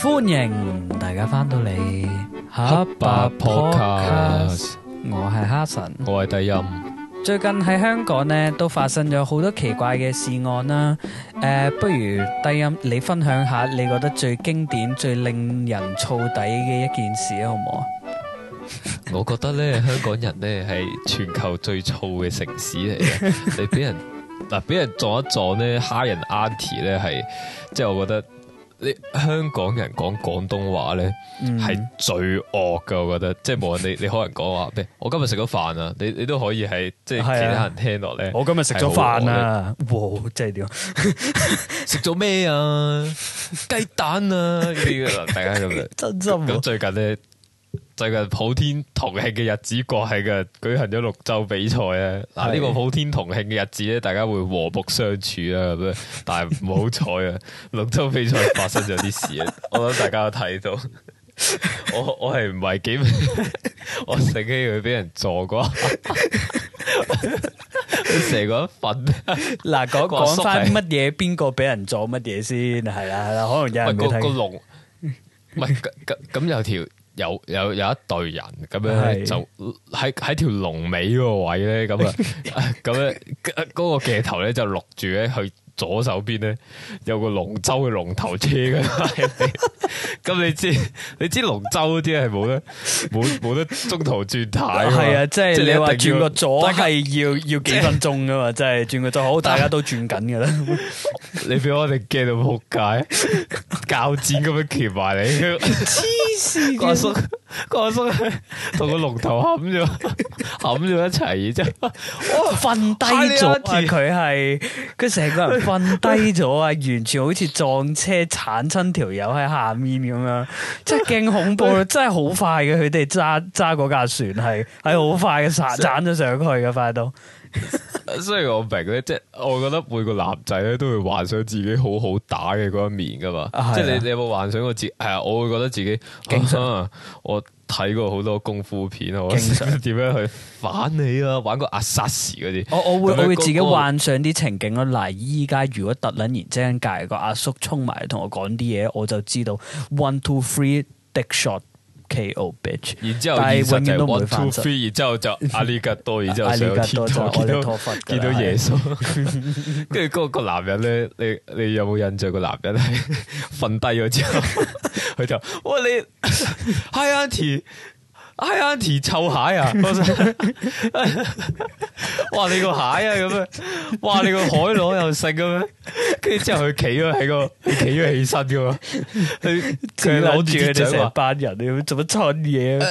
歡迎大家翻到嚟黑白 podcast，我係哈臣，我係低音。最近喺香港呢，都發生咗好多奇怪嘅事案啦。誒、呃，不如低音你分享下你覺得最經典、最令人燥底嘅一件事啦，好唔好啊？我覺得咧，香港人咧係 全球最燥嘅城市嚟嘅， 你俾人嗱俾、啊、人撞一撞呢，蝦人 aunty 咧係，即係、就是、我覺得。你香港人講廣東話咧，係、嗯、最惡㗎，我覺得。即係無論你你可能講話咩，我今日食咗飯啊，你你都可以喺即係其他人聽落咧、啊。我今日食咗飯啊，哇！真係點？食咗咩啊？雞蛋啊啲咁 樣。 真心。咁最近咧。 最近普天同慶嘅日子過係嘅，舉行咗龍舟比賽咧。嗱，呢個普天同慶嘅日子咧，大家會和睦相處啊。咁啊，但係唔好彩啊，龍舟比賽發生咗啲事啊。我諗大家都睇到，我我係唔係幾？我醒起佢俾人坐過，成個粉。嗱，講講翻乜嘢？邊個俾人坐乜嘢先？係啦，可能有人個個龍，唔係咁咁有條。有有有一隊人咁樣就喺喺條龍尾嗰個位咧，咁 啊，咁咧嗰個鏡頭咧就錄住咧去。左手邊咧有個龍舟嘅龍頭車嘅，咁你知你知龍舟嗰啲係冇咧，冇冇得中途轉軚。係啊，就是、即係你話轉個左係要家要幾分鐘噶嘛？即係轉個左，好，大家都轉緊噶啦。你俾 經 我哋驚到撲街，鉸剪咁樣鉗埋你，黐線嘅。阿叔，阿叔同個龍頭冚咗，冚咗 一齊、哦，真係我瞓低咗。佢係佢成個人。瞓低咗啊！完全好似撞車，鏟親條友喺下面咁樣，真係勁恐怖咯！ 真係好快嘅，佢哋揸揸嗰架船係係好快嘅，鏟鏟咗上去㗎，快到。 所 雖然我明咧，即係我覺得每個男仔咧都會幻想自己好好打嘅嗰一面噶嘛。啊、即係你你有冇幻想過自己？係啊，我會覺得自己，經常啊、我睇過好多功夫片啊，點常 樣去反你啊，玩個阿薩士嗰啲。我會是是我會會自己幻想啲情景啊。嗱、那個，依家如果突捻然之間，隔、那個阿叔衝埋同我講啲嘢，我就知道 one two three，dick shot。K.O. Bitch，< 然後 S 1> 但係永遠都唔會翻身。然之後就阿里格多，然之後又見到 見到耶穌。跟住嗰個男人咧，你你有冇印象個男人係瞓低咗之後，佢 就哇你 Hi 係阿姨。係阿姨臭蟹啊！哇，你個蟹啊咁樣！哇，你個海螺又食咁樣！跟住之後佢企咗喺個企咗起身咁啊！佢佢扭住佢哋成班人，你做乜蠢嘢？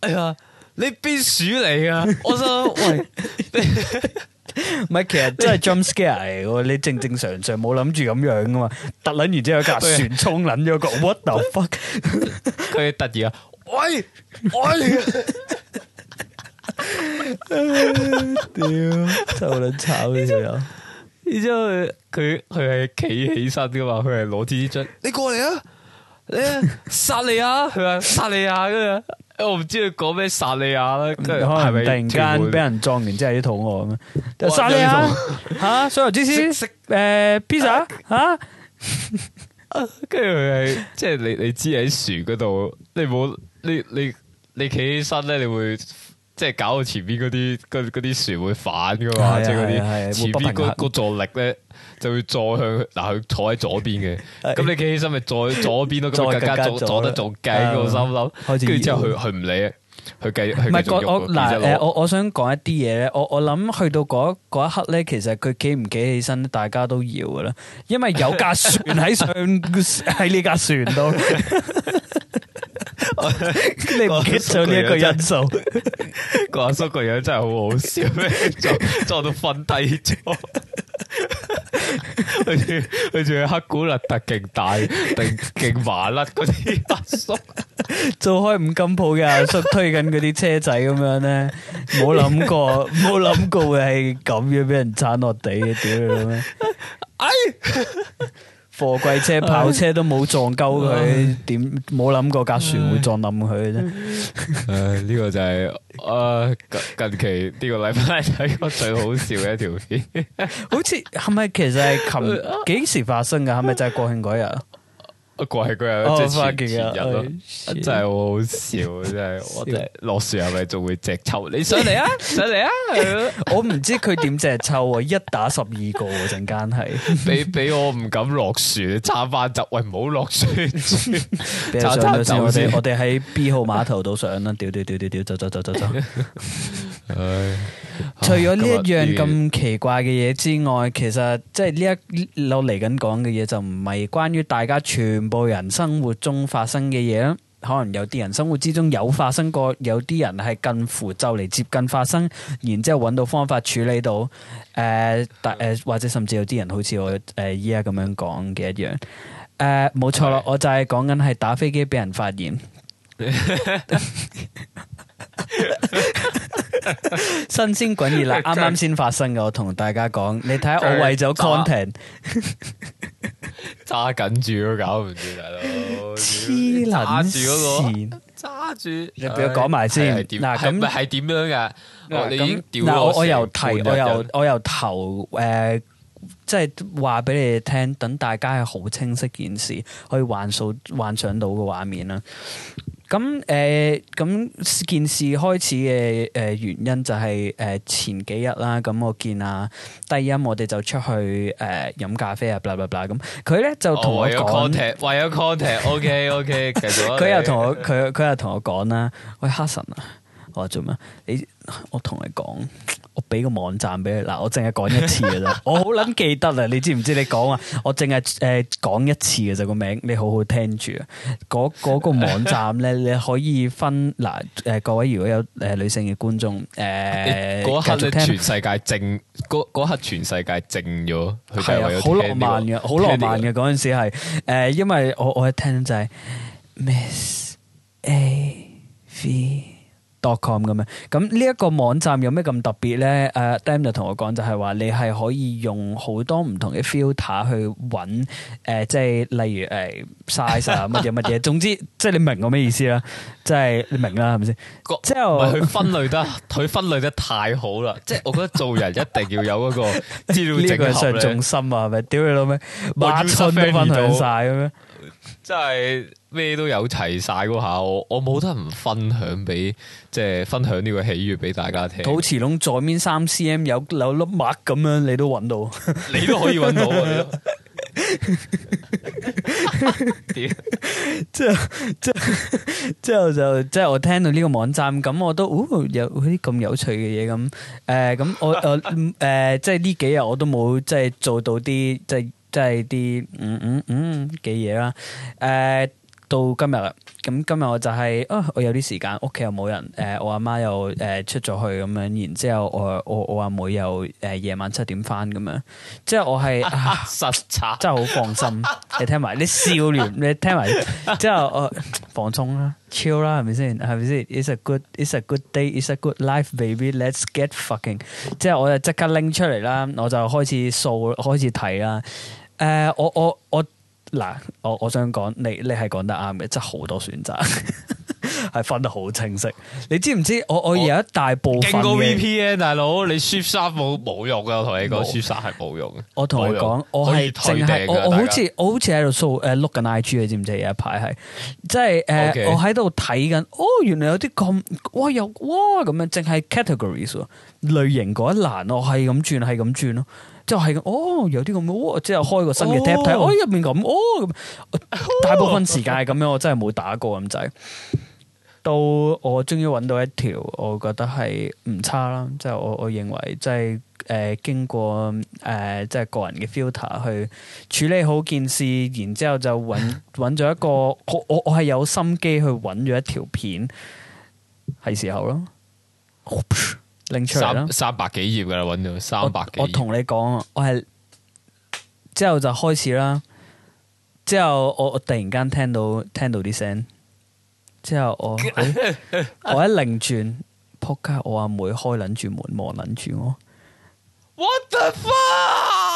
哎呀，你邊鼠嚟噶？我想喂，唔係，其實真係 jump scare 嚟嘅。你正正常常冇諗住咁樣噶嘛？突捻完之後架船衝捻咗個 what the fuck，佢突然啊！喂，喂，屌，臭撚炒！嘅時候，然之後佢佢係企起身噶嘛，佢係攞支樽，你過嚟啊，你薩利亞，佢話薩利亞，跟住我唔知佢講咩薩利亞啦，跟住可能係咪突然間俾人撞完之後啲肚餓咁，薩利亞，吓，所有芝士食誒 pizza 吓，跟住佢係即係你你知喺樹嗰度，你冇。你你你企起身咧，你會即係搞到前邊嗰啲啲船會反噶嘛？即係嗰啲前邊個個助力咧，就會再向嗱佢坐喺左邊嘅。咁你企起身咪坐左邊咯，咁更加坐坐得仲緊。我心諗，跟住之後佢佢唔理，佢繼續唔係我嗱我我想講一啲嘢咧。我我諗去到嗰一刻咧，其實佢企唔企起身，大家都要嘅啦。因為有架船喺上，喺呢架船度。 你唔接受呢一個因素，阿 叔個樣真係好好笑，就做到瞓低，佢仲佢仲要黑古勒特勁大，勁勁麻甩嗰啲阿叔，做開五金鋪嘅阿叔推緊嗰啲車仔咁樣咧，冇諗過冇諗 過會係咁樣俾人撐落地嘅屌，哎！ 貨櫃車、跑車都冇撞鳩佢，點冇諗過架船會撞冧佢嘅啫。誒，呢個就係、是、誒、啊、近期呢、這個禮拜睇過最好笑嘅一條片。 好似係咪其實係琴幾時發生㗎？係咪就係國慶嗰日？個鬼佢係一隻全人咯，真係好好笑，真係我哋落船係咪仲會隻抽？你上嚟啊，上嚟啊！我唔知佢點隻抽啊，一打十二個喎，陣間係俾俾我唔敢落船，插花集喂，唔好落船，插我哋喺 B 號碼頭度上啦，掉掉掉掉掉，走走走走走。除咗呢一樣咁奇怪嘅嘢之外，其實即係呢一落嚟緊講嘅嘢就唔係關於大家全。部人生活中發生嘅嘢可能有啲人生活之中有發生過，有啲人係近乎就嚟接近發生，然之後揾到方法處理到，誒、呃，或者甚至有啲人好似我誒依家咁樣講嘅一樣誒，冇錯啦，對我就係講緊係打飛機俾人發現 新鮮滾熱辣，啱啱先發生嘅，我同大家講， 你睇下我為咗 content。 揸緊住都搞唔掂，大佬。黐撚線，揸住、嗰個。哎、你俾我講埋先。嗱，咁係點樣嘅？我我又提，我又、嗯、我，我由頭誒、呃，即係話俾你聽，等大家係好清晰件事，可以幻素幻想到個畫面啦。咁誒咁件事開始嘅誒原因就係、是、誒、呃、前幾日啦，咁我見啊低音，我哋就出去誒飲、呃、咖啡啊，bla bla bla 咁，佢咧 ab 就同我講，為咗、哦、contact，OK OK，繼續佢又同我佢佢 又同我講啦， 喂哈臣啊，我話做咩？你我同你講。我俾個網站俾你，嗱，我淨係講一次嘅啫， 我好捻記得啊！你知唔知你講啊？我淨係誒講一次嘅啫，個名你好好聽住啊！嗰嗰、嗰個網站咧，你可以分嗱誒、呃，各位如果有誒女性嘅觀眾誒，嗰、呃、刻，刻全世界靜，嗰嗰刻全世界靜咗，係啊，好浪漫嘅，好、呢個、浪漫嘅嗰陣時係誒、呃，因為我我一聽就係、是。MissAV c 咁啊，咁呢一個網站有咩咁特別咧？誒、呃、Dam n 就同我講就係話你係可以用好多唔同嘅 filter 去揾、呃、即係例如誒、呃、size 啊，乜嘢乜嘢，總之即係你明我咩意思啦，即係你明啦，係咪先？即係佢分類得，佢 分類得太好啦！即係 我覺得做人一定要有嗰個資料整合嘅 重心啊，係咪？屌你老味，馬春都分享晒。咁啊！真係咩都有齊晒嗰下，我我冇得唔分享俾，即係分享呢個喜悅俾大家聽。好似窿左面三 cm 有有粒墨咁樣，你都揾到， 到，你都可以揾到。點？ 即係即係即係就即係我聽到呢個網站咁，我都哦有啲咁有，有趣嘅嘢咁。誒、呃，咁我我誒、呃，即係呢幾日我都冇即係做到啲即係。即係啲嗯嗯嗯嘅嘢啦，誒。到今日啦，咁、嗯、今日我就係、是、啊，我有啲時間，屋企又冇人，誒、呃，我阿媽又誒、呃、出咗去咁樣，然之後我我我阿妹又誒、呃、夜晚七點翻咁樣，即係我係、啊、實查 差，真係好放心。 你聽埋，你少年，你聽埋，之後我放鬆啦 chill 啦，係咪先？係咪先？It's a good, it's a good day, it's a good life, baby. Let's get fucking。之後我就即刻拎出嚟啦，我就開始掃，開始睇啦。誒、呃，我我我。我我我嗱，我我想講，你你係講得啱嘅，真好多選擇，係 分得好清晰。你知唔知？我我，我有一大部分嘅，經過 V P N 大佬，你 shift 三冇冇用噶？我同你講，shift 三係冇用。我同你講，我係淨係我好似我好似喺度數誒 look 緊 I G，你知唔知有一排係？即係誒，我喺度睇緊，哦，原來有啲咁，哇有，哇咁樣，淨係 categories 類型嗰一欄，我係咁轉，係咁轉咯。就係哦，有啲咁嘅，即係開個新嘅 Tab 睇，我入面咁，哦，大部分時間係咁樣，哦、我真係冇打過咁滯，就是。到我終於揾到一條，我覺得係唔差啦。即、就、係、是，我我認為即係誒，經過誒即係個人嘅 filter 去處理好件事，然之後就揾揾咗一個， 我我係有心機去揾咗一條片，係時候咯。呃呃呃拎出嚟三,三百幾頁噶啦，揾到三百幾頁。我同你講，我係之後就開始啦，之後我我突然間聽到聽到啲聲，之後我 我一擰轉，撲街！我阿妹，妹開擰住門，望擰住我。What the fuck！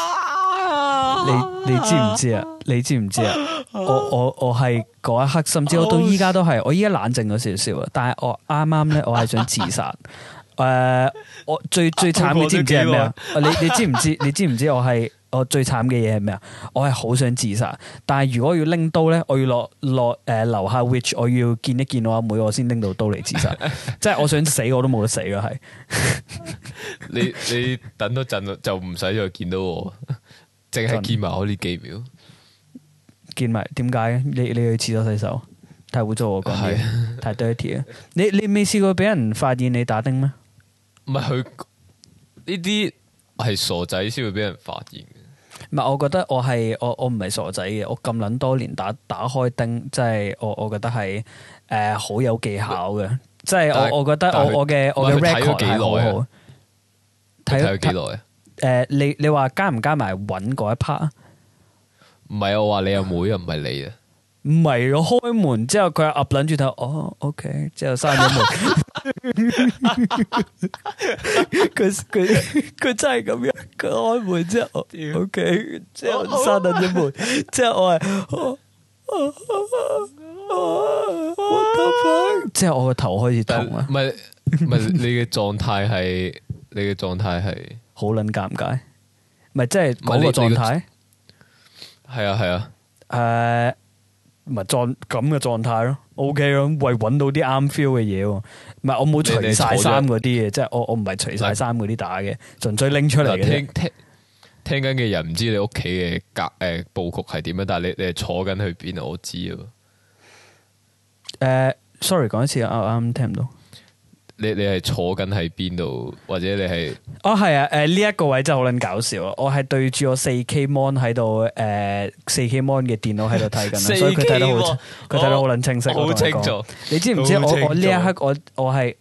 你你知唔知啊？你知唔知啊？ 我我我係嗰一刻，甚至我到依家都係，我依家冷靜咗少少啊！但係我啱啱咧，我係想自殺。 誒、uh, 啊，我最最慘你知唔知係咩啊？你你知唔知？你知唔知我係我最慘嘅嘢係咩啊？我係好想自殺，但係如果要拎刀咧，我要落落誒樓、呃、下，which 我要見一見我阿妹,妹，我先拎到刀嚟自殺。 即係我想死，我都冇得死咯。係 你你等多陣就唔使再見到我，淨係 見埋我呢幾秒，見埋點解？你你,你去廁所洗手，太污糟我講嘢， 太 dirty 啊！ 你你未試過俾人發現你打丁咩？唔係佢呢啲係傻仔先會俾人發現嘅。唔係，我覺得我係我我唔係傻仔嘅。我咁捻多年打打開丁，即係我我覺得係誒好有技巧嘅。即係我我覺得我我嘅我嘅 record 係睇佢幾耐？誒，你你話加唔加埋搵一 part 唔係我話你阿妹啊，唔係你啊。唔係咯，開門之後佢又擰住頭，哦，OK，之後閂咗門。佢佢佢真係咁樣，佢開門之後 You 're，OK，即係我閂緊啲門，so 之後我係，so 即係我個頭開始痛啊！唔係唔係，你嘅狀態係你嘅狀態係好捻尷尬，唔係即係嗰個狀態，係啊係啊，誒、啊。 咪狀咁嘅狀態咯，OK 咯，為揾到啲啱 feel 嘅嘢喎。唔係我冇除晒衫嗰啲嘢，你你即係我我唔係除晒衫嗰啲打嘅，純但 粹拎出嚟，聽聽聽緊嘅人唔知你屋企嘅格誒布局係點樣，但係你你係坐緊去邊啊？我知啊。誒，uh，sorry，講一次啊，啱啱聽唔到。你你係坐緊喺邊度，或者你係？哦，係啊，誒、呃，呢一個位真係好捻搞笑啊！我係對住我四 K Mon 喺度，誒、呃，四 K Mon 嘅電腦喺度睇緊，所以佢睇得好，佢睇得好捻清晰。好、哦、清楚，你知唔知我我呢一刻我我係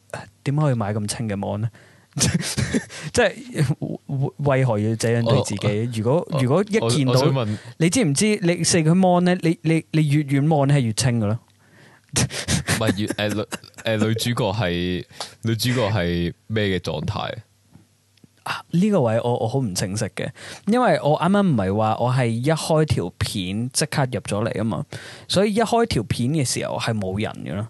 點可以買咁清嘅 Mon 咧？即 係 為何要這樣對自己？哦啊、如果、啊、如果一見到問你知唔知你？你四 K Mon 咧，你你你越遠望咧係越清噶咯？唔係越誒。誒、呃，女主角係女主角係咩嘅狀態啊？呢個位我我好唔清晰嘅，因為我啱啱唔係話我係一開條片即刻入咗嚟啊嘛，所以一開條片嘅時候係冇人嘅咯，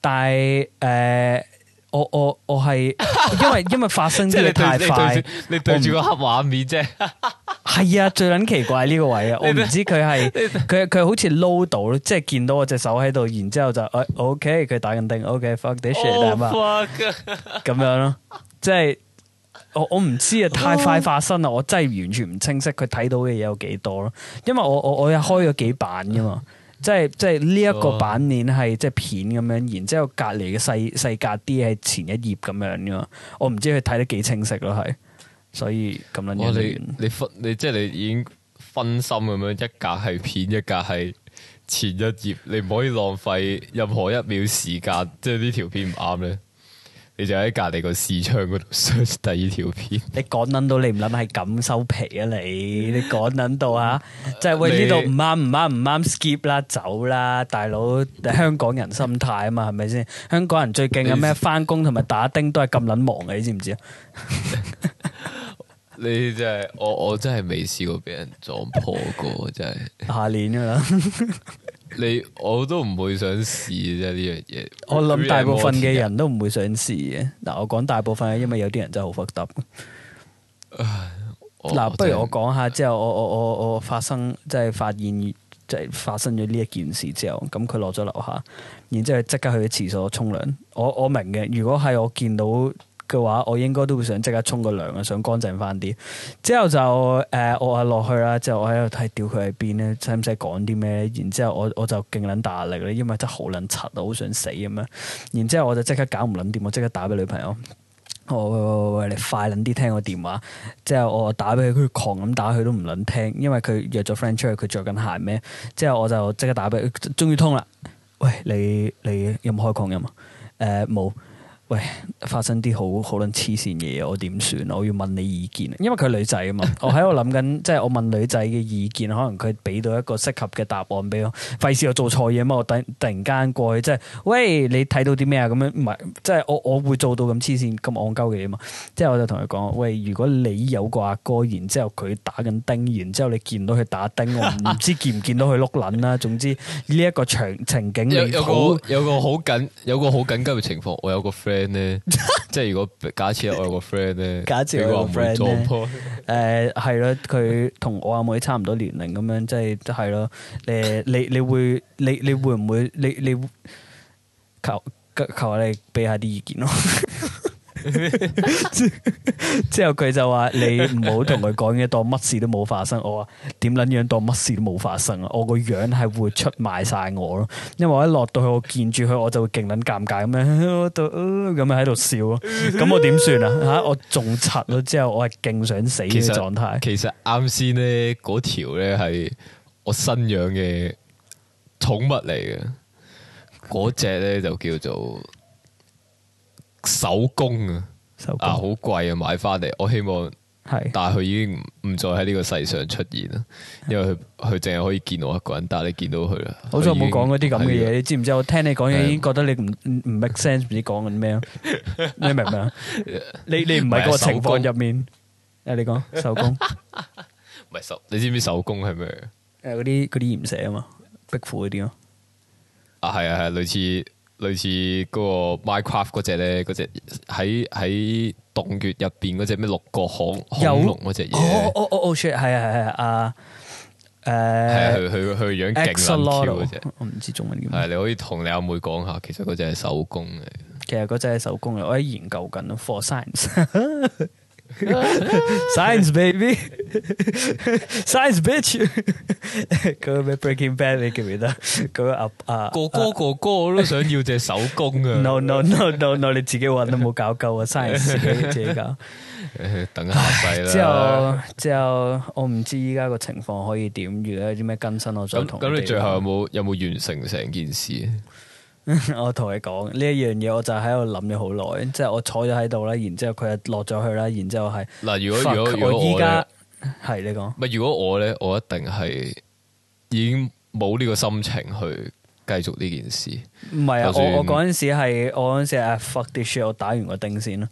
但係誒。呃我我我係因為因為發生啲嘢太快，你對住個黑畫面啫不。係 啊，最捻奇怪呢個位啊，的我唔知佢係佢佢好似 load 到，即係見到我隻手喺度，然之後就誒、哎、，OK，佢打緊丁，OK，fuck this shit 啊嘛，咁樣咯 fuck.，即係我我唔知啊，太快發生啦，oh. 我真係完全唔清晰佢睇到嘅嘢有幾多咯，因為我我我又開咗幾版噶嘛。即係即係呢一個版面係即係片咁樣，然之後隔籬嘅細細格啲係前一頁咁樣噶，我唔知佢睇得幾清晰咯，係，所以咁樣。你你分你即係你已經分心咁樣，一格係片，一格係前一頁，你唔可以浪費任何一秒時間，即係呢條片唔啱咧。 你就喺隔籬個視窗嗰度 search 第二條片。你講捻到你唔捻係咁，收皮啊你！你講捻到吓、啊， 就係，喂呢度唔啱唔啱唔啱 skip 啦走啦，大佬，香港人心態啊嘛係咪先？香港人最近有咩？翻工同埋打丁都係咁捻忙嘅，你知唔知啊？ 你真、就、係、是、我我真係未試過俾人撞破過，真係。 下年噶了啦。 你我都唔會想試啫，呢樣嘢。我諗大部分嘅人都唔會想試嘅。嗱，我講大部分，因為有啲人真係好複雜。嗱，不如我講下之後，我我我我發生即係發現，即係發生咗呢一件事之後，咁佢落咗樓下，然之後即刻去咗廁所沖涼。我我明嘅，如果係我見到。嘅話，我應該都會想即刻沖個涼啊，想乾淨翻啲。之後就誒、呃，我係落去啦。之後我喺度睇釣佢喺邊咧，使唔使講啲咩？然之後我我就勁捻大壓力咧，因為真係好捻柒啊，好想死咁樣。然之後我就即刻搞唔捻掂，我即刻打俾女朋友。我、哦、喂喂喂，你快捻啲聽我電話。之後我打俾佢，佢狂咁打，佢都唔捻聽，因為佢約咗 friend 出去，佢着緊鞋咩？之後我就即刻打俾佢、哎，終於通啦。喂，你你，你有冇開擴音啊？誒、呃，冇。喂，發生啲好好撚黐線嘢，我點算啊？我要問你意見，因為佢女仔啊嘛， 我喺度諗緊，即係我問女仔嘅意見，可能佢俾到一個適合嘅答案俾我。費事我做錯嘢嘛？我突突然間過去，即係喂你睇到啲咩啊？咁樣唔係，即係我我會做到咁黐線、咁戇鳩嘅嘢嘛？即係我就同佢講，喂，如果你有個阿哥，哥，然之後佢打緊丁，然之後你到見，見到佢打丁，我唔知見唔見到佢碌撚啦？總之呢一、這個場情景有，有，有個好緊有個好緊急嘅情況，我有個 friend。咧， 即係如果假設我有個 friend 咧，假設有個 friend 咧，誒，係咯，佢同我阿妹差唔多年齡咁樣，即係係咯，誒，你你會你你會唔會你你求求下你俾下啲意見咯？ 之後佢就話你唔好同佢講嘢，當乜事都冇發生，我話點捻樣當乜事都冇發生啊？我個樣係會出賣晒我咯，因為我一落到去我見住佢，我就會勁捻尷尬咁樣，咁樣喺度笑咯，咁我點算啊？吓、啊、我仲柒咗之後我係勁想死嘅狀態。其實啱先呢，嗰條咧係我新養嘅寵物嚟嘅，嗰隻咧就叫做。手工啊，手工啊好貴啊，買翻嚟，我希望係，但係佢已經唔再喺呢個世上出現啦，因為佢佢淨係可以見我一個人，但係你見到佢啦。好彩冇講嗰啲咁嘅嘢，你知唔知？我聽你講嘢已經覺得你唔唔 make sense，唔知講緊咩？你明唔明啊？你你唔係嗰個情況入面，誒，你講手工，唔係手，你知唔知手工係咩？誒，嗰啲嗰啲鹽蛇啊嘛，壁虎嗰啲咯。啊，係啊係，類似。類似嗰個 Minecraft 嗰隻咧，嗰隻喺喺洞穴入邊嗰隻咩六角孔恐龍嗰隻嘢。哦哦哦哦，係啊係啊係啊，誒，係佢佢佢樣勁卵超嗰隻，我唔知中文點，係你可以同你阿妹講下，其實嗰隻係手工嚟。其實嗰隻係手工嚟，我喺研究緊啦，for science。Science baby，science bitch，個咩 breaking bad 呢？你記唔記得啊，哥哥哥哥我都想要隻手工啊！No no no no no，你自己玩都冇搞夠啊！science 自己自己搞，等下世啦。之後之後我唔知依家個情況可以點？如果有啲咩更新，我想同咁，咁你最後有冇有冇完成成件事？我同你講呢一樣嘢，我就喺度諗咗好耐，即係我坐咗喺度啦，然之後佢就落咗去啦，然之後係嗱，如果如果如果我而家，係你講咪？如果我咧，我一定係已經冇呢個心情去繼續呢件事。唔係啊，我嗰陣時係我嗰陣時係 fuck this shit，我打完個丁先啦。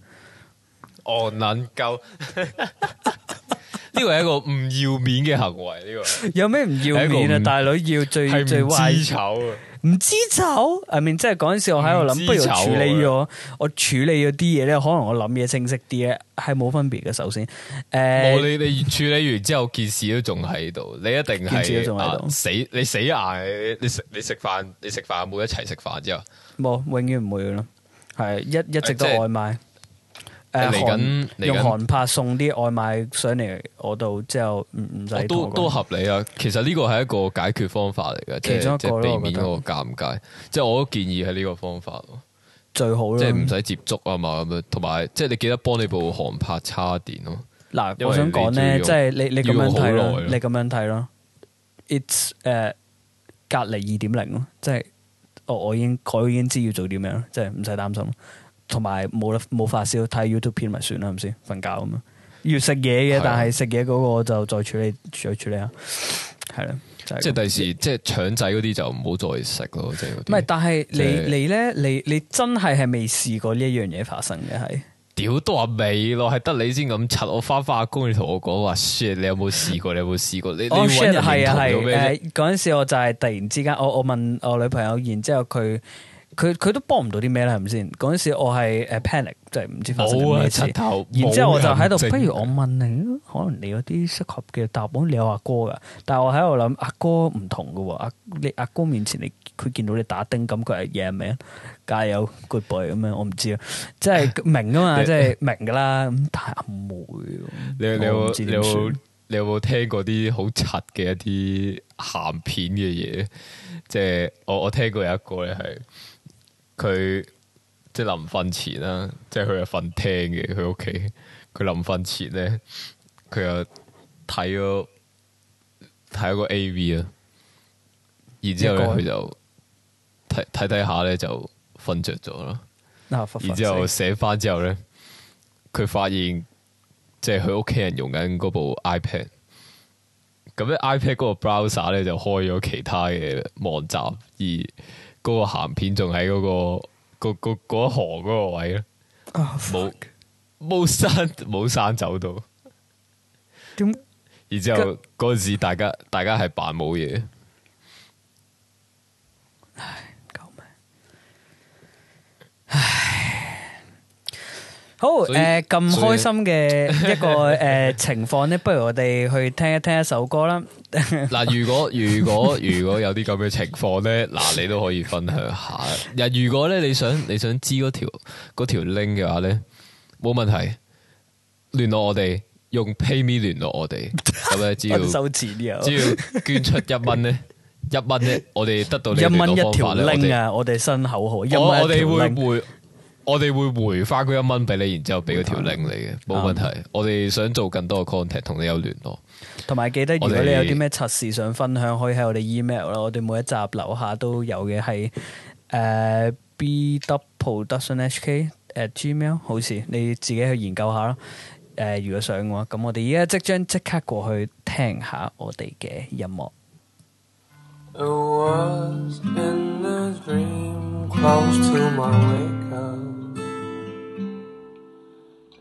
哦，能夠呢個係一個唔要面嘅行為。呢個有咩唔要面啊？大女要最最壞醜啊！唔知醜，我明，即係嗰陣時我喺度諗，不，不如處理咗，我處理咗啲嘢咧，可能我諗嘢清晰啲咧，係冇分別嘅。首先，誒，冇，你你處理完之後件事都仲喺度，你一定係件事都仲喺度，啊，死你死硬，你食你食飯你食飯冇一齊食飯之後，冇永遠唔會嘅咯，係一一直都外賣。呃就係誒，嚟緊用韓拍送啲外賣上嚟我度之後，唔唔使都都合理啊！其實呢個係一個解決方法嚟嘅，其中一個避免嗰個尷尬。即係我都建議係呢個方法咯最好，即係唔使接觸啊嘛咁樣。同埋，即係你記得幫你部韓拍叉電咯。嗱，我想講咧，即係你你咁樣睇咯，你咁樣睇咯。It's 誒隔離二點零咯，即係我我已經我已經知要做啲咩咯，即係唔使擔心。同埋冇啦，冇發燒，睇 YouTube 片咪算啦，係咪先？瞓覺咁樣，要食嘢嘅，是的 但係食嘢嗰個就再處理，再處理下，係咯，就是、即係第時，即係腸仔嗰啲就唔好再食咯，即係。唔係，但係你、就是、你咧，你你真係係未試過呢一樣嘢發生嘅係？屌都話未咯，係得你先咁柒我返化工，你同我講話，shit，你有冇試過？你有冇試過？ 你你搵人認同到咩啫？嗰陣時我就係突然之間，我我問我女朋友，然之後佢。佢佢都幫唔到啲咩啦，係咪先？嗰陣時我係誒 panic，即係唔知發生咗咩事。啊，柒頭。然之後我就喺度，不如我問你，可能你嗰啲適合嘅答案，你有阿哥噶。但係我喺度諗，阿哥唔同嘅喎。阿、啊、你阿、啊、哥面前你，佢見到你打丁感覺係嘢名加油 good boy 咁樣。我唔知啊，即係明啊嘛，即係明噶啦。咁但係阿妹，你你有你你有冇聽過啲好柒嘅一啲鹹片嘅嘢？即係我我聽過有一個咧係。佢即係臨瞓前啦，即係佢係瞓廳嘅，佢屋企佢臨瞓前咧，佢又睇咗，睇咗個 A. V. 啊，然之後咧佢就睇睇睇下咧就瞓着咗啦。然之後醒翻之後咧，佢發現即係佢屋企人用緊嗰部 iPad，咁咧 iPad 嗰個 browser 咧就開咗其他嘅網站而。嗰個鹹片仲喺嗰個嗰河嗰個位咯，冇冇山冇山走到，點？然之後嗰陣 G 時，大家大家係扮冇嘢。唉，救命，唉。救命好誒，咁、呃、以開心嘅一個誒以、呃、情況咧， 不如我哋去聽一聽一首歌啦。嗱，如果如果如果有啲咁嘅情況咧，嗱你都可以分享下。嗱如果咧，你想你想知嗰條條 link 嘅話咧，冇問題。聯絡我哋用 PayMe 聯絡我哋，咁咧 只要收錢，只要捐出一蚊咧，一蚊咧，我哋得到 1一蚊一條 link 啊！我哋們心口號好，我我哋會會。 我哋會回翻嗰一蚊俾你，然之後俾嗰條 link 你嘅，冇問題。嗯、我哋想做更多嘅 contact 同你有聯絡，同埋記得如果你們有啲咩測試想分享，可以喺我哋 email 啦。我哋每一集樓下都有嘅，係、uh, 誒 b w production hk at gmail 好似你自己去研究下啦。誒、uh，如果想嘅話，咁我哋而家即將即刻過去聽下我哋嘅音樂。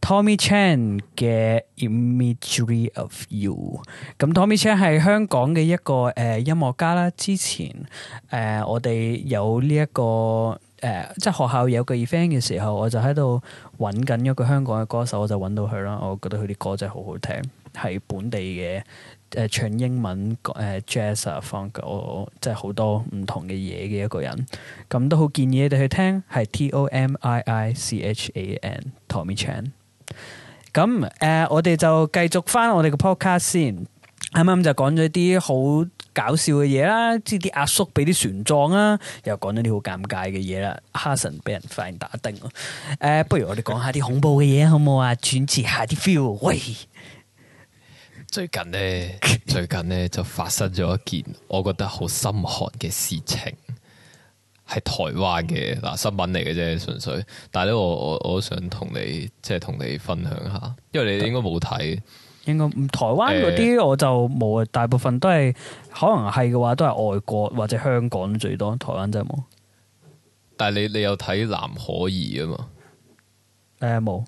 Tommy Chan 嘅 Imagery of You。咁 Tommy Chan 係香港嘅一個誒、呃、音樂家啦。之前誒、呃、我哋有呢、這、一個誒、呃、即係學校有個 event 嘅時候，我就喺度揾緊一個香港嘅歌手，我就揾到佢啦。我覺得佢啲歌真係好好聽，係本地嘅誒、呃、唱英文誒、呃、Jazz Funk、我即係好多唔同嘅嘢嘅一個人，咁都好建議你哋去聽係 T.O.M.I.I.C.H.A.N. Tommy Chan。咁誒、呃，我哋就繼續翻我哋嘅 podcast 先，啱啱就講咗啲好搞笑嘅嘢啦，即係啲阿叔俾啲船撞啊，又講咗啲好尷尬嘅嘢啦，哈臣俾人發現打丁咯，誒、呃，不如我哋講下啲恐怖嘅嘢好唔好啊？轉持下啲 feel，喂，最近呢， 最近呢，就發生咗一件我覺得好心寒嘅事情。係台灣嘅嗱新聞嚟嘅啫，純粹。但係咧，我我我想同你即係同你分享下，因為你應該冇睇。應該台灣嗰啲我就冇，呃、大部分都係可能係嘅話都係外國或者香港最多，台灣真係冇。但係你你有睇藍可兒啊嘛？誒冇、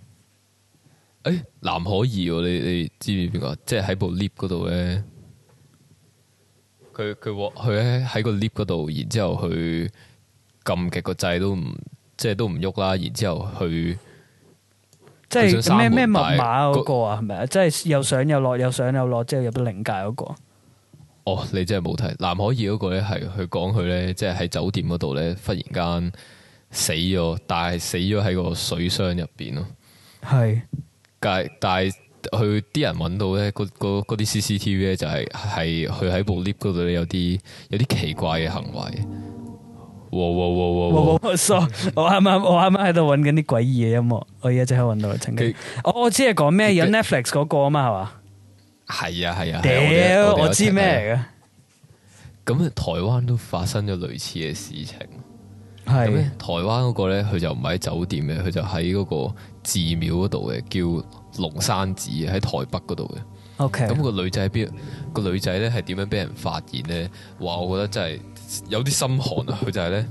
呃。誒藍可兒，你你知唔知邊個？即係喺部 lift 嗰度咧，佢佢佢喺個 lift 嗰度，然之後佢。撳極個掣都唔，即係都唔喐啦。然之後去是，即係咩咩密碼嗰個啊？係咪啊？即係又上又落，又上又落，之後入到靈界嗰個。哦，你真係冇睇。藍可兒嗰個咧，係佢講佢咧，即係喺酒店嗰度咧，忽然間死咗，但係死咗喺個水箱入邊咯。係是，但係但係，佢啲人揾到咧，嗰啲 CCTV 咧，就係係佢喺部 lift 嗰度咧，有啲有啲奇怪嘅行為。我啱啱我啱啱喺度揾緊啲詭異嘅音樂，我而家即刻揾到啦，曾經她她、哦，我知係講咩，有 Netflix 嗰個啊嘛，係嘛？係啊係啊，屌，我知咩嚟嘅？咁、嗯、台灣都發生咗類似嘅事情。係，台灣嗰個咧，佢就唔喺酒店嘅，佢就喺嗰個寺廟嗰度嘅，叫龍山寺，喺台北嗰度嘅。咁 Okay. 個女仔喺邊？個女仔咧係點樣俾人發現呢？哇！我覺得真係有啲心寒啊！佢 就係呢，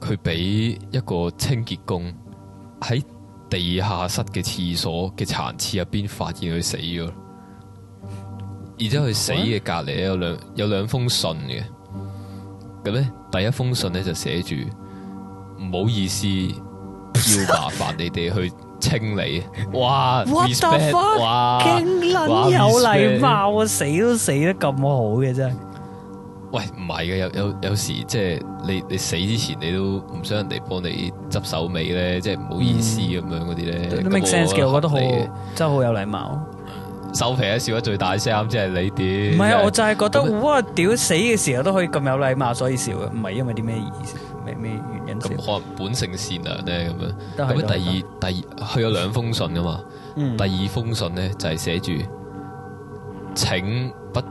佢俾一個清潔工喺地下室嘅廁所嘅殘廁入邊發現佢死咗，而且佢死嘅隔籬咧有兩有兩封信嘅。咁咧第一封信咧就寫住唔好意思，要麻煩你哋去。 清理啊！哇，respect 哇，勁撚有禮貌啊！死都死得咁好嘅啫！喂，唔係嘅，有有有時即係你你死之前你都唔想人哋幫你執手尾咧，即係唔好意思咁樣嗰啲咧。咁都 make sense 嘅，我覺得好真係好有禮貌。收皮一笑得最大聲，即係你點？唔係啊，我就係覺得哇屌，死嘅時候都可以咁有禮貌，所以笑啊，唔係因為啲咩意思。咁可能本性善良咧，咁樣。咁是第二、是第二，佢 有兩封信噶嘛。嗯、第二封信咧就係、是、寫住，請不要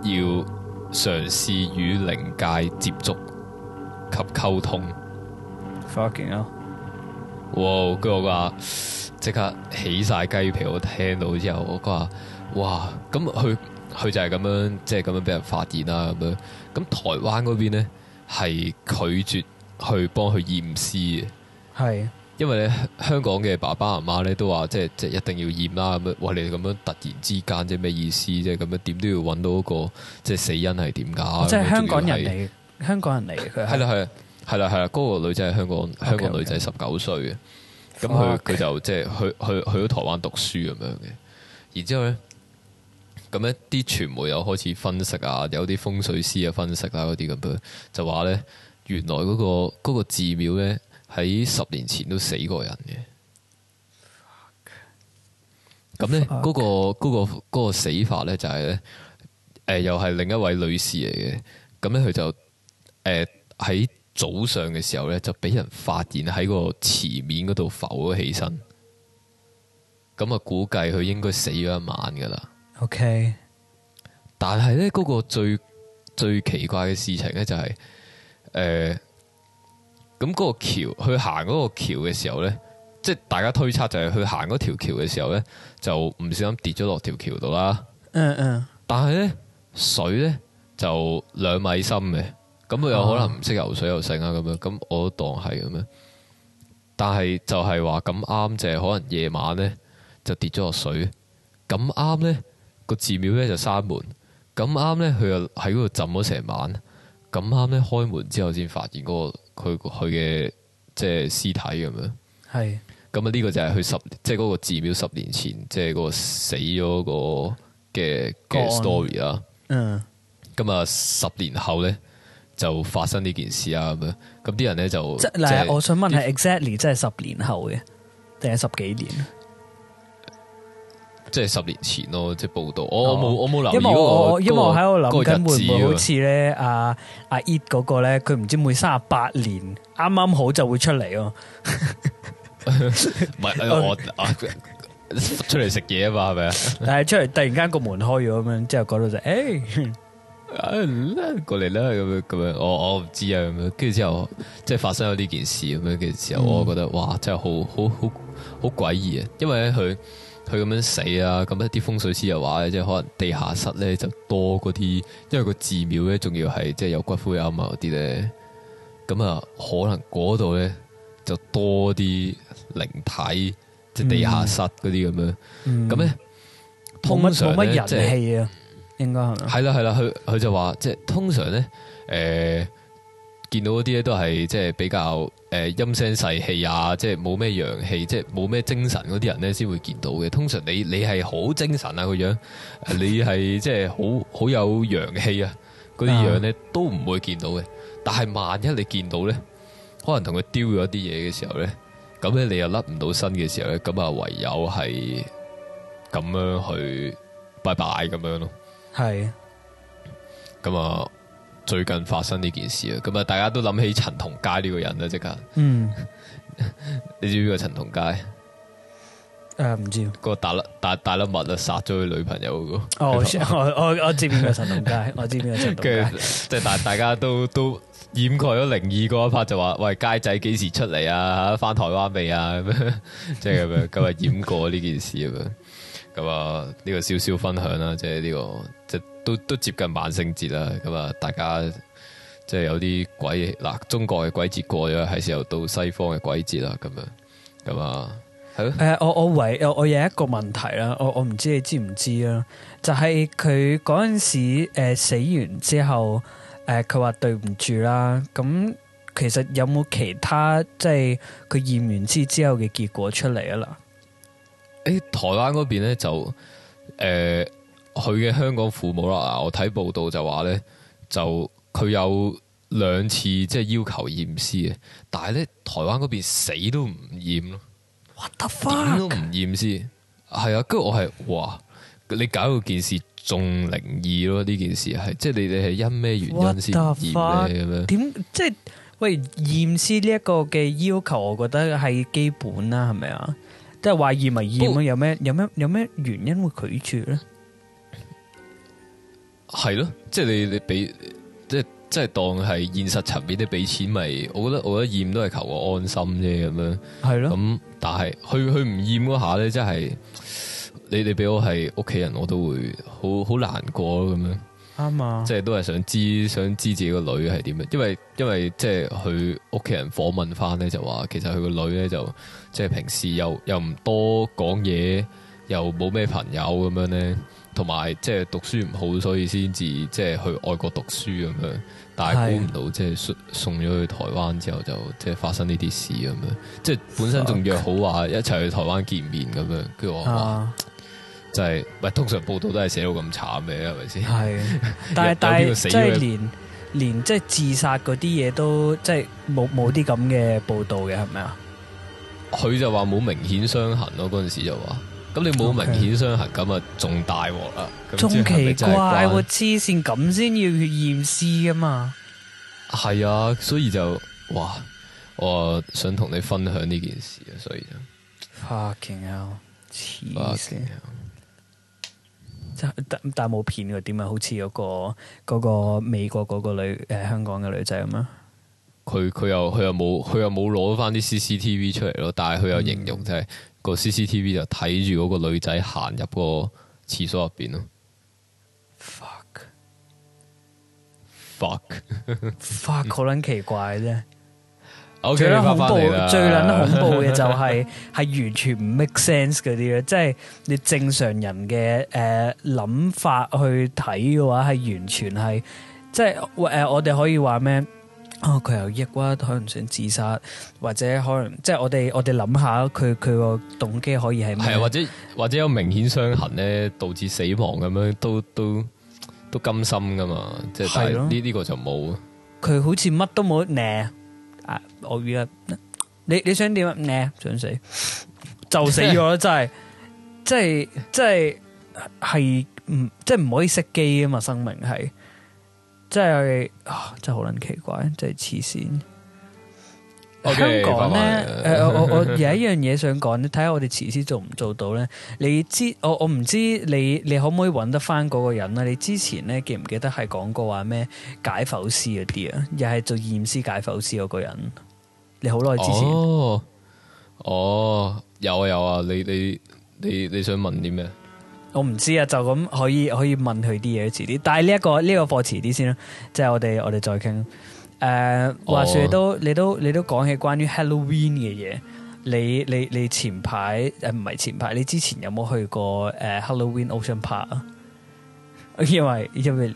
嘗試與靈界接觸及溝通。Fucking 啊、 wow,！哇！佢話即刻起晒雞皮，我聽到之後，我話哇！咁佢佢就係咁樣，即係咁樣俾人發現啦咁樣。咁台灣嗰邊咧係拒絕。去幫佢驗屍嘅，係，因為咧香港嘅爸爸媽媽咧都話，即係即係一定要驗啦。咁樣，哇！你咁樣突然之間，即係咩意思？即係咁樣，點都要揾到嗰個，即係死因係點噶？即係香港人嚟嘅，香港人嚟嘅。係啦係，係啦係啦。嗰個女仔係香港，okay, okay. 香港女仔十九歲嘅，咁佢佢就即係去去去咗台灣讀書咁樣嘅，然之後咧，咁一啲傳媒又開始分析啊，有啲風水師啊分析啦，嗰啲咁樣，就話咧。原來嗰個嗰個寺廟咧，喺十年前都死過人嘅。咁咧 Fuck.，嗰個嗰個嗰個死法咧就係咧，誒又係另一位女士嚟嘅。咁咧，佢就誒喺早上嘅時候咧，就俾人發現喺個池面嗰度浮咗起身。咁啊，估計佢應該死咗一晚噶啦。O Okay . K，但係咧，嗰個最最奇怪嘅事情咧就係。誒，咁嗰、呃那個橋去行嗰個橋嘅時候咧，即係大家推測就係去行嗰條橋嘅時候咧，就唔小心跌咗落條橋度啦。嗯嗯、哦。但係咧水咧就兩米深嘅，咁佢有可能唔識游水又剩啊咁樣，咁我都當係咁樣。但係就係話咁啱就係可能夜晚咧就跌咗落水，咁啱咧個寺廟咧就閂門，咁啱咧佢又喺嗰度浸咗成晚。咁啱咧，開門之後先發現嗰個佢佢嘅，即係屍體咁樣。係咁啊，呢個就係佢十即係嗰個寺廟十年前即係個死咗個嘅嘅 story 啦。個案，嗯，咁啊，十年後咧就發生呢件事啊咁樣。咁啲人咧就即係我想問係 exactly 即係十年後嘅，定係十幾年？即係十年前咯、哦，即係報道。哦、我冇我冇留意因為我喺度諗緊會唔會好似咧阿阿葉嗰個咧，佢唔知每三十八年啱啱好就會出嚟咯。唔係我出嚟食嘢啊嘛，係咪、 hey、啊？但係出嚟突然間個門開咗咁樣，之後過到就誒，過嚟啦咁樣咁樣。我我唔知啊，咁樣跟住之後即係發生咗呢件事咁樣嘅時候，我覺得哇，真係好好好好詭異啊！因為咧佢。佢咁樣死啊！咁一啲風水師又話，即係可能地下室咧就多嗰啲，因為個寺廟咧仲要係即係有骨灰龕嗰啲咧，咁啊可能嗰度咧就多啲靈體，嗯、即係地下室嗰啲咁樣。咁咧、嗯，通常咧冇乜人氣，即係應該係咪？係啦係啦，佢佢就話即係通常咧，誒、呃。見到嗰啲咧，都係即係比較誒陰聲細氣啊，即係冇咩陽氣，即係冇咩精神嗰啲人咧，先會見到嘅。通常你你係好精神啊個樣， 你係即係好好有陽氣啊，嗰啲樣咧都唔會見到嘅。但係萬一你見到咧，可能同佢丟咗啲嘢嘅時候咧，咁咧你又甩唔到身嘅時候咧，咁啊唯有係咁樣去拜拜咁樣咯。係是，咁啊。最近發生呢件事啊，咁啊，大家都諗起陳同佳呢個人咧，即刻。嗯， 你知唔、啊、知個陳、那個哦、同佳？誒，唔知，個大粒大大粒物啊，殺咗佢女朋友嗰個。我知唔知邊個陳同佳，我知邊個陳同佳。即係大大家都都掩蓋咗靈異嗰一 part，就話喂，佳仔幾時出嚟啊？吓翻台灣未啊？咁樣即係咁樣，咁係掩蓋呢件事啊？ 咁啊，呢、嗯這個少少分享啦，即係、這、呢個即都都接近萬聖節啦。咁、嗯、啊，大家即係有啲鬼嗱、啊，中國嘅鬼節過咗，係時候到西方嘅鬼節啦。咁樣，咁啊，係。誒，我我唯我有一個問題啦，我我唔知你知唔知啊，就係佢嗰陣時誒、呃、死完之後，誒佢話對唔住啦。咁其實有冇其他即係佢驗完之之後嘅結果出嚟啊啦？喺、欸、台灣嗰邊咧就誒，佢、呃、嘅香港父母啦，我睇報道就話咧，就佢有兩次即係要求驗屍嘅，但係咧台灣嗰邊死都唔驗咯，點 What the fuck? 都唔驗屍，係啊，跟住我係哇，你搞到件事仲靈異咯，呢件事係，即係你哋係因咩原因先驗咧咁樣？點 What the fuck? 嗎即係喂驗屍呢一個嘅要求，我覺得係基本啦，係咪啊？即係話厭咪厭咯，有咩有咩有咩原因會拒絕咧？係咯，即係你你俾即係即係當係現實層面啲俾錢咪，我覺得我覺得厭都係求個安心啫咁樣。係咯，咁但係佢佢唔厭嗰下咧，即係你哋俾我係屋企人，我都會好好難過咯咁樣。啱，即係都係想知想知自己個女係點樣，因為因為即係佢屋企人訪問翻咧，就話其實佢個女咧就即係平時又又唔多講嘢，又冇咩朋友咁樣咧，同埋即係讀書唔好，所以先至即係去外國讀書咁樣，但係估唔到即係送咗去台灣之後就即係發生呢啲事咁樣，即係本身仲約好話一齊去台灣見面咁樣，跟住我話。啊就係係通常報道都係寫到咁慘嘅係咪先？係，的 但係有但係即係連連即係自殺嗰啲嘢都即係冇冇啲咁嘅報道嘅係咪啊？佢就話冇明顯傷痕咯，嗰陣時就話咁你冇明顯傷痕咁啊仲大鑊啦！仲奇 Okay. 怪，黐線咁先要去驗屍噶嘛？係啊，所以就哇，我想同你分享呢件事啊，所以就 fucking hell .但但冇片㗎，點啊？好似嗰、那個那個美國嗰個女誒、呃、香港嘅女仔咁啊？佢佢又佢又冇佢又冇攞返啲 CCTV 出嚟咯，但係佢又形容即、就、係、是嗯、個 CCTV 就睇住嗰個女仔行入個廁所入邊咯。Fuck！Fuck！Fuck！好撚奇怪啫～Okay, 最捻恐怖、最捻恐怖嘅就係、是、係 完全唔 make sense 嗰啲咯，即、就、係、是、你正常人嘅誒諗法去睇嘅話，係完全係即係誒，我哋可以話咩？哦，佢有抑鬱，可能想自殺，或者可能即係、就是、我哋我哋諗下佢佢個動機可以係咩係、啊、或者或者有明顯傷痕咧導致死亡咁樣都都都甘心噶嘛？即係呢呢個就冇，佢好似乜都冇呢？ 我而家你你想點啊？你想，、嗯、想死就死咗啦！真係， 真係，真係係唔，即係唔可以熄機啊嘛！生命係，真係真係好撚奇怪，真係黐線。Okay, 香港咧，誒、 呃，我我，我有一樣嘢想講，你睇下我哋遲先做唔做到咧？你知我我唔知你你可唔可以揾得翻嗰個人咧、啊？你之前咧記唔記得係講過話咩解剖師嗰啲啊？又係做驗屍解剖師嗰個人。好耐之前哦，哦有啊有啊，你你你你想問啲咩？我唔知啊，就咁可以可以問佢啲嘢，遲啲，但係、這、呢、個這個、一個呢個課遲啲先啦，即係我哋我哋再傾。誒、呃，話說都你都、哦、你都講起關於 Halloween 嘅嘢，你你你前排誒唔係前排，你之前有冇去過誒 Halloween Ocean Park 啊？因為因為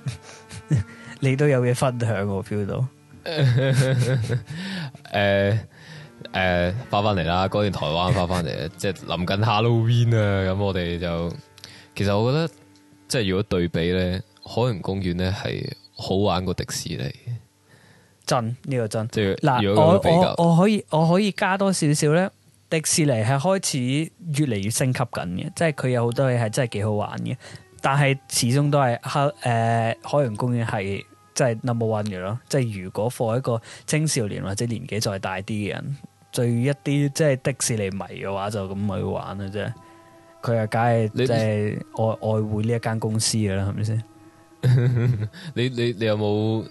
你都有嘢分享，feel 到。 誒誒，翻翻嚟啦！嗰、呃、段台灣翻翻嚟，回回 即係臨緊 Halloween 啊！咁我哋就其實我覺得，即係如果對比咧，海洋公園咧係好玩過迪士尼，真呢、這個真。即係嗱、啊，我我我可以我可以加多少少咧？迪士尼係開始越嚟越升級緊嘅，即係佢有好多嘢係真係幾好玩嘅，但係始終都係、呃、海誒海洋公園係。即係 number one 嘅咯，即係、no. 就是、如果放一個青少年或者年紀再大啲嘅人，最一啲即係迪士尼迷嘅話，就咁咪你會玩啊！即係佢又梗係即係愛愛護呢一間公司嘅啦，係咪先？你你你有冇？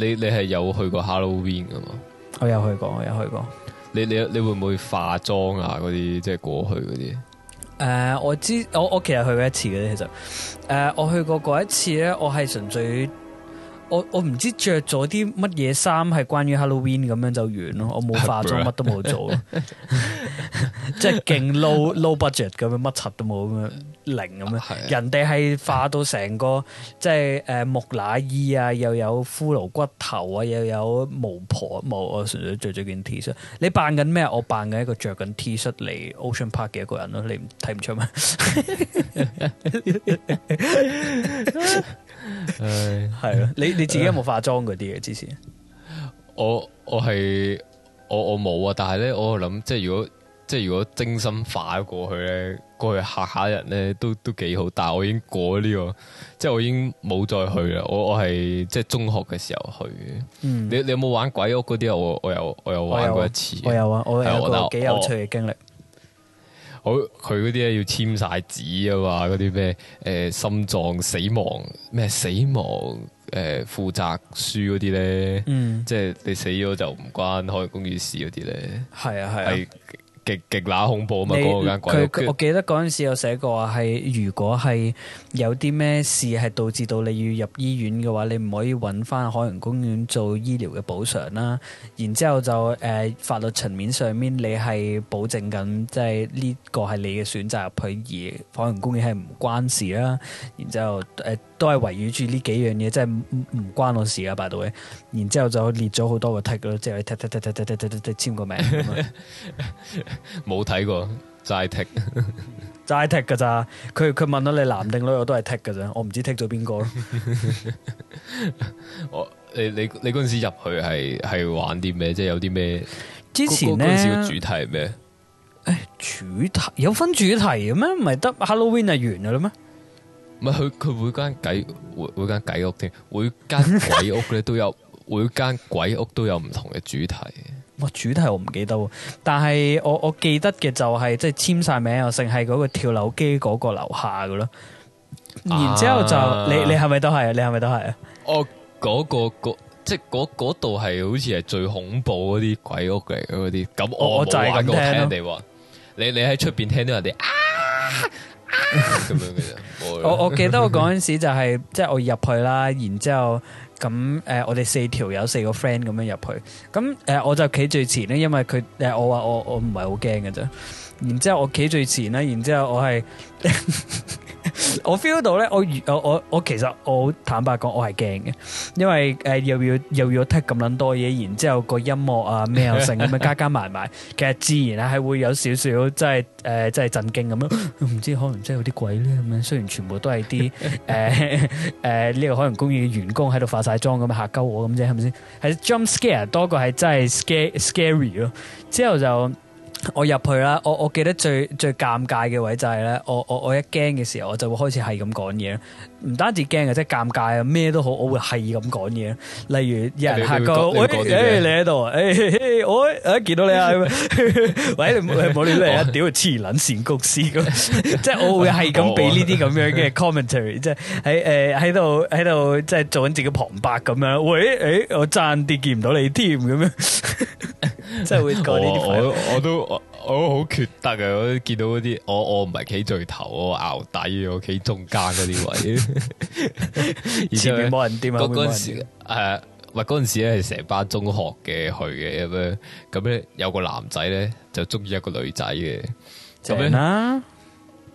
你你係有去過 Halloween 嘅嘛？我有去過，我有去過。你你你會唔會化妝啊？嗰啲即係過去嗰啲？誒、uh，我知我我其實去過一次嘅，其實誒，uh, 我去過嗰一次咧，我係純粹。我我唔知着咗啲乜嘢衫係關於 Halloween 咁樣就完咯，我冇化妝，乜 都冇做， 即係勁 low low budget 咁樣，樣，乜柒都冇咁樣零咁樣，人哋係化到成個即係誒、呃、木乃伊啊，又有骷髏骨頭啊，又有巫婆啊，冇我純粹着咗件 T 恤。你扮緊咩？我扮緊一個着緊 T 恤嚟 Ocean Park 嘅一個人咯，你睇唔出咩？ 係咯， 你你自己有冇化妝嗰啲嘅之前？我我係我我冇啊，但係咧我諗，即係如果即係如果精心化咗過去咧，過去吓下人咧都都幾好。但係我已經過呢個，即係我已經冇再去啦。我我係即係中學嘅時候去嘅。嗯，你你有冇玩鬼屋嗰啲？我我有我有玩過一次，我我有玩，我有個幾有趣嘅經歷。 佢嗰啲咧要簽晒紙啊嘛，嗰啲咩誒心臟死亡咩死亡誒呃、負責書嗰啲咧，嗯、即係你死咗就唔關海洋公園事嗰啲咧。係啊係啊。極極乸恐怖啊！嘛間鬼屋，我記得嗰陣時有寫過係，如果係有啲咩事係導致到你要入醫院嘅話，你唔可以搵翻海洋公園做醫療嘅補償啦。然之後就誒、呃、法律層面上面，你係保證緊即係呢個係你嘅選擇入去，而海洋公園係唔關事啦。然之後誒。呃都係圍繞住呢幾樣嘢，即係唔唔關我事啊，百度嘅。然之後就列咗好多個 tick 咯，即係 tick tick tick tick tick tick tick 簽個名。冇睇過齋 tick，齋 tick 噶咋？佢佢問到你男定女，我都係 tick 噶咋。我唔知 tick 咗邊個咯。我你你你嗰陣時入去係係玩啲咩？即係有啲咩？之前嗰陣時嘅主題係咩？誒、哎，主題有分主題嘅咩？唔係得 Halloween 完噶啦咩？唔係佢佢每間鬼每每間鬼屋添，每間鬼屋咧都有，每間鬼屋都有唔 同嘅主題。哇，主題我唔記得，但係我我記得嘅就係即係簽晒名又剩係嗰個跳樓機嗰個樓下噶咯。然之後就、啊、你你係咪都係？你係咪都係？哦、啊，嗰、那個即係嗰度係好似係最恐怖嗰啲鬼屋嚟嗰啲。咁、那個，我我最近我聽人哋話、啊，你面你喺出邊聽到人哋啊！咁樣嘅我我記得我嗰陣時就係即係我入去啦，然之後咁誒、呃，我哋四條有四個 friend 咁樣入去，咁誒、呃，我就企最前咧，因為佢誒、呃，我話我我唔係好驚嘅啫，然之後我企最前咧，然之後我係。 我 feel 到咧，我我我其實我坦白講，我係驚嘅，因為誒、呃、又要又要踢咁捻多嘢，然之後個音樂啊咩又成咁樣加加埋埋，其實自然係會有少少即係誒即係震驚咁咯，唔、呃、知可能真係有啲鬼咧咁樣。雖然全部都係啲誒誒呢個海洋公園嘅員工喺度化晒妝咁樣吓鳩我咁啫，係咪先？係 jump scare 多過係真係 scare scary 咯。之後就。我入去啦，我我記得最最尷尬嘅位就係咧，我我我一驚嘅時候，我就會開始係咁講嘢。唔單止驚啊，即係尷尬啊，咩都好，我會係咁講嘢。例如有人下個，喂，誒，你喺度，誒，我，我見到你啊，喂，唔好亂嚟啊，屌，黐捻線公司咁，即係我會係咁俾呢啲咁樣嘅 commentary，即係喺誒喺度喺度即係做緊自己旁白咁樣。喂，誒，我差啲見唔到你添咁樣，即係會講呢啲。我都。我好缺德啊！我見到嗰啲我我唔係企最頭，我拗底我啊！我企中間嗰啲位，以前冇人點啊？嗰陣時誒，唔嗰陣時咧，係成班中學嘅去嘅咁樣，咁咧有個男仔咧就中意一個女仔嘅，就咩啊？麼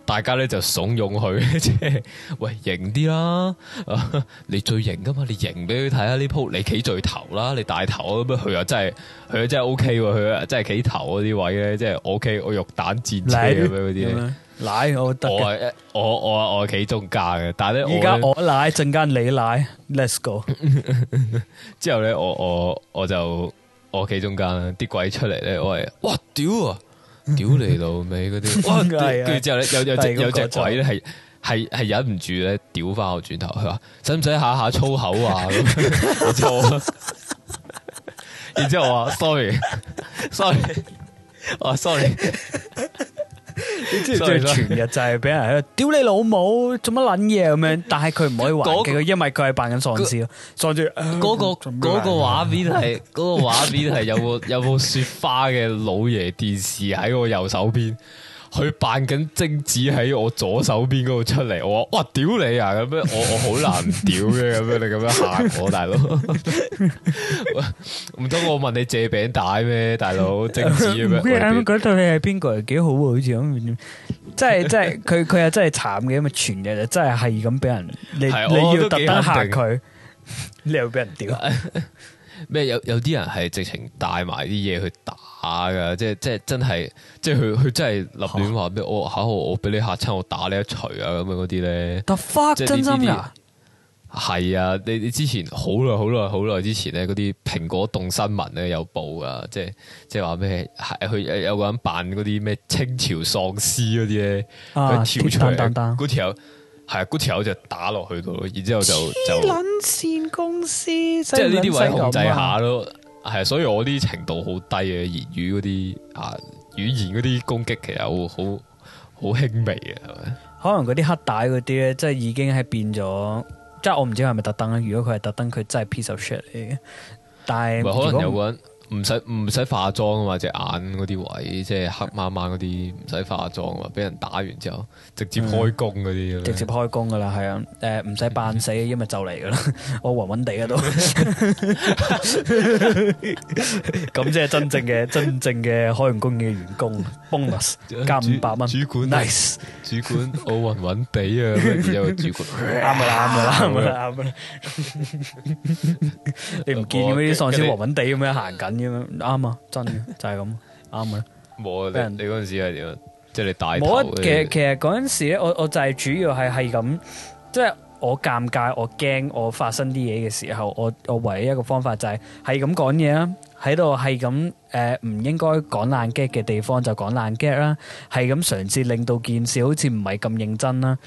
大家咧就慫恿佢，即 係喂，型啲啦！ 你最型噶嘛？你型俾佢睇下，呢鋪你企最頭啦，你大頭咁樣，佢又真係，佢又 真係 O K，佢又真係企頭嗰啲位咧，即係 O K，我肉彈戰車咁樣嗰啲，奶我得我我我企中間嘅，但係咧，而家我， 我奶陣間你奶，Let's go。 之後咧，我我我，我就我企中間啲鬼出嚟咧，我話，喂，哇屌啊！屌你老味嗰啲，跟住 之後咧有有隻那有隻鬼咧係係係忍唔住咧屌翻我轉頭，佢話使唔使下下粗口啊？哈哈 我錯，然之後我話 sorry sorry 啊 sorry。即係全日就係俾人屌 你老母做乜撚嘢咁樣，但係佢唔可以玩嘅、 那個，因為佢係扮緊喪屍咯。喪住嗰個嗰、那個畫面係嗰個畫面，係 有部有部雪花嘅老爺電視喺我右手邊。.佢扮緊貞子喺我左手邊嗰度出嚟，我話哇，屌你啊！咁樣我我好難屌嘅，咁樣你咁樣嚇我，大佬唔通我問你借餅帶咩？大佬貞子咁樣覺得，你係邊個？幾好啊？好似咁，真係真係佢佢又真係慘嘅，咁啊全日，真係係咁俾人你你要特登嚇佢，你又俾人屌。 咩有有啲人係直情帶埋啲嘢去打噶，即係即係真係，即係佢佢真係立亂話咩？我嚇我我俾你嚇親，我打你一錘啊咁樣嗰啲咧。但係花真心呀，係啊！你你之前好耐好耐好耐之前咧，嗰啲蘋果動新聞咧有報噶，即係即係話咩佢有個人扮嗰啲咩清朝喪屍嗰啲咧，佢嗰、啊欸、條。係啊嗰條友就打落去度咯，然之後就就黐線公司，即係呢啲位控制下咯。係啊， 所以我啲程度好低嘅、啊、言語嗰啲啊，語言嗰啲攻擊其實好好好輕微嘅，係咪？可能嗰啲黑帶嗰啲咧，即係已經係變咗，即係我唔知係咪特登。如果佢係特登，佢真係 piece of shit 嚟嘅。但係、呃、果可能有,有人。唔使唔使化妝啊嘛，隻眼嗰啲位即係黑掹掹嗰啲，唔使化妝啊嘛，俾人打完之後直接開工嗰啲，直接開工噶啦、嗯，係啊，誒唔使扮死，因為 就嚟噶啦，我暈暈地啊都，咁即係真正嘅真正嘅海洋公園嘅員工 ，bonus 加五百蚊，主管 nice， 主管我暈暈地啊，有主管啱啦，啱啦，啱啦，你唔見啲喪屍暈暈地咁樣行緊？啱啊，真嘅就係咁，啱啊，冇啊，俾人哋你嗰陣時係點啊？即係你帶頭嘅。冇啊，其實其實嗰陣時咧，我我就係主要係係咁，即係我尷尬，我驚我發生啲嘢嘅時候，我我唯一一個方法就係係咁講嘢啊。喺度係咁誒，唔應該講爛 gag 嘅地方就講爛 gag 啦，係咁嘗試令到件事好似唔係咁認真啦。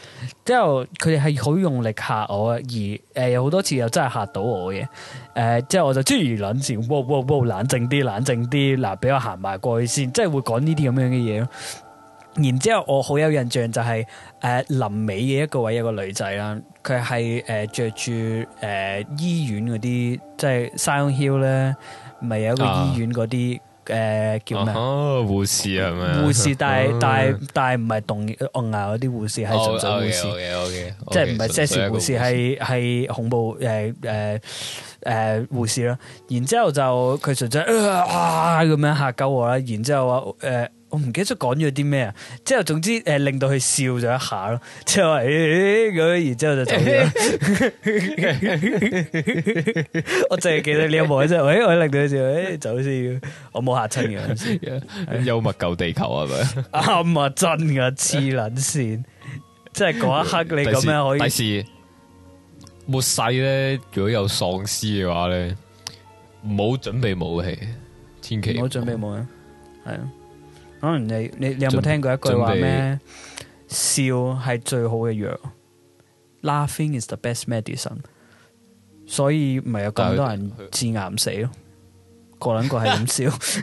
之後佢哋係好用力嚇我，而誒有好多次又真係嚇到我嘅。誒、呃、之後我就侏如撚住，哇哇哇，冷靜啲，冷靜啲，嗱，俾我行埋過去先，即係會講呢啲咁樣嘅嘢咯。然之後我好有印象就係誒臨尾嘅一個位有個女仔啦，佢係誒著住誒醫院嗰啲即係 Silent Hill 咧。咪有一個醫院嗰啲誒叫咩？哦，護士係咪？護士，但係但係但係唔係動惡牙嗰啲護士，係純粹護士，即係唔係特殊護士，係係恐怖誒誒誒護士啦。然之後就佢純粹啊，咁樣吓鳩我啦。然之後話誒。我唔記得咗講咗啲咩啊，之後總之誒、欸，令到佢笑咗一下咯，即係話咁，然之後就走咗。 我淨係記得你有冇？啫，喂，我令到佢笑，誒、欸，走先，我冇嚇親嘅。Yeah, 對 幽默救地球係咪？啱啊， 真噶，黐捻線，即係嗰一刻你咁樣可以。第時，末世咧，如果有喪屍嘅話咧，冇準備武器，千祈唔好準備武器，係啊。可能你你你有冇聽過一句話咩？笑係最好嘅藥，Laughing is the best medicine。所以唔係有咁多人致癌死咯，個個係咁笑，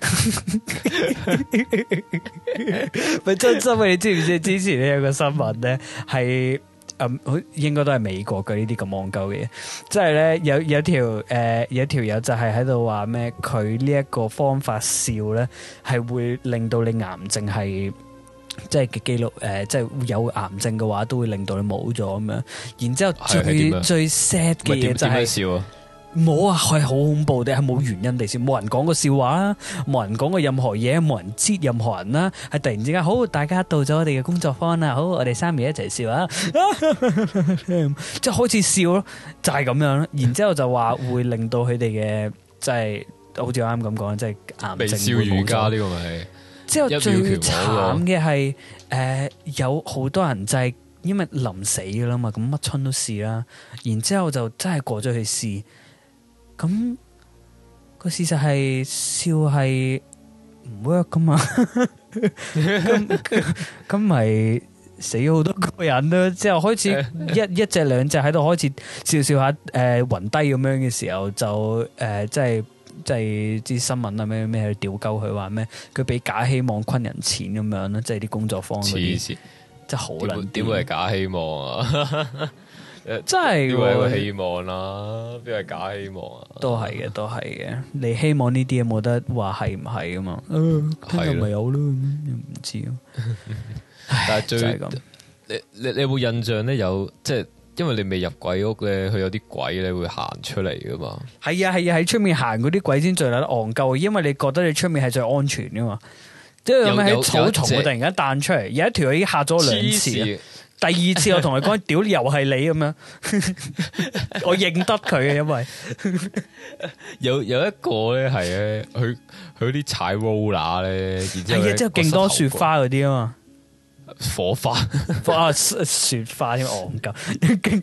咪真心嘅？你知唔知之前呢有個新聞咧係？咁佢應該都係美國嘅呢啲咁戇鳩嘅，即係咧有有一條誒、呃、有條友就係喺度話咩？佢呢一個方法笑咧，係會令到你癌症係即係記錄誒，即、呃、係、就係、有癌症嘅話，都會令到你冇咗咁樣。然之後最最 sad 嘅嘢就係。冇啊，係好恐怖，定係冇原因？地少，冇人講過笑話啦，冇人講過任何嘢，冇人知任何人啦。係突然之間，好，大家到咗我哋嘅工作坊啦，好，我哋三爺一齊笑啊， 即係開始笑咯，就係、是、咁樣咯。然之後就話會令到佢哋嘅，即、就、係、是、好似啱啱咁講，即、就、係、是、癌症。笑瑜伽呢、這個咪，之後最慘嘅係，誒、呃，有好多人就係、是、因為臨死噶啦嘛，咁乜春都試啦。然之後就真係過咗去試。咁個事實係笑係唔 work 噶嘛？咁咁咪死咗好多個人咯。之後開始一一隻兩隻喺度開始笑笑下，誒、呃，暈低咁樣嘅時候就誒、呃，即係即係啲新聞啊咩咩去吊鳩佢話咩？佢俾假希望昆人錢咁樣咯，即係啲工作坊嗰啲，即係好難。點會係假希望啊？ 真係，邊係希望啦、啊？邊係假希望啊？都係嘅，都係嘅。你希望呢啲冇得話係唔係噶嘛？係、呃、咪有咯，唔是的 知咯。 但係最 你你你有冇印象咧？有即係，因為你未入鬼屋咧，佢有啲鬼咧會行出嚟噶嘛？係啊，係啊，喺出面行嗰啲鬼先最嚟得戇鳩，因為你覺得你出面係最安全噶嘛。即係咁樣喺草叢突然間彈出嚟，有一條我已經嚇咗兩次。第二次我同佢講，屌又係你咁樣，我認得佢嘅，因為有有一個咧係咧，佢佢啲踩 roller 咧，然之後勁、哎、多花火花、 啊、雪花嗰啲啊嘛，火花啊雪花添哦，咁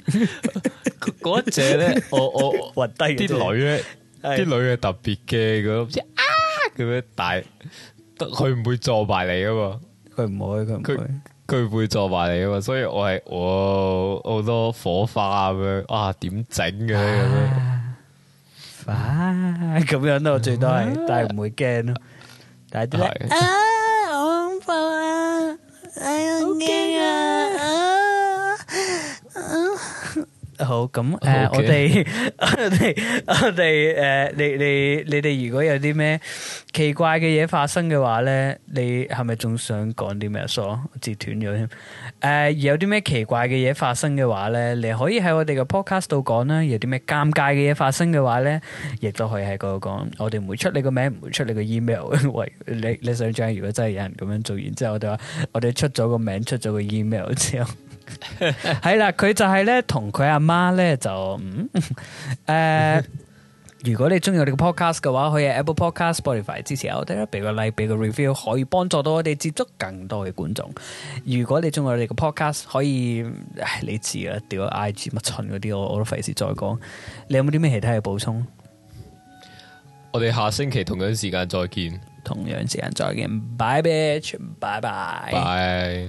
嗰隻咧，我、 那個、我暈低啲女咧，啲的女係特別驚噶，唔知啊咁樣，但得佢唔會撞埋你噶嘛，佢唔會，佢唔她 她 佢唔會做埋嚟啊嘛，所以我係我好多火花咁樣啊，點整嘅咁樣，咁樣咯，最多係、啊、但係唔會驚咯，啊、但係啲人啊好恐怖啊，哎呀好驚啊！ 好咁誒、呃 Okay.，我哋我哋誒、呃，你你你哋如果有啲咩奇怪嘅嘢發生嘅話咧，你係咪仲想講啲咩？所截斷咗添。誒、呃，有啲咩奇怪嘅嘢發生嘅話咧，你可以喺我哋嘅 podcast 度講啦。有啲咩尷尬嘅嘢發生嘅話咧，亦都可以喺嗰度講。我哋唔會出你個名，唔會出你個 email。 喂，你你想像，如果真係有人咁樣做完，然之後我哋話，我哋出咗個名，出咗個 email 之後。 係啦，佢就係咧，同佢阿媽咧就誒，如果你中意我哋個 podcast 嘅話，可以 Apple Podcast、Spotify 支持我哋啦，俾個 like，俾個 review，可以幫助到我哋接觸更多嘅觀眾。如果你中意我哋個 podcast，可以你知啦，掉個 IG 乜春嗰啲，我我都費事再講。你有冇啲咩其他嘅補充？我哋下星期同樣時間再，再見，同樣時間再見，Bye，bitch，拜。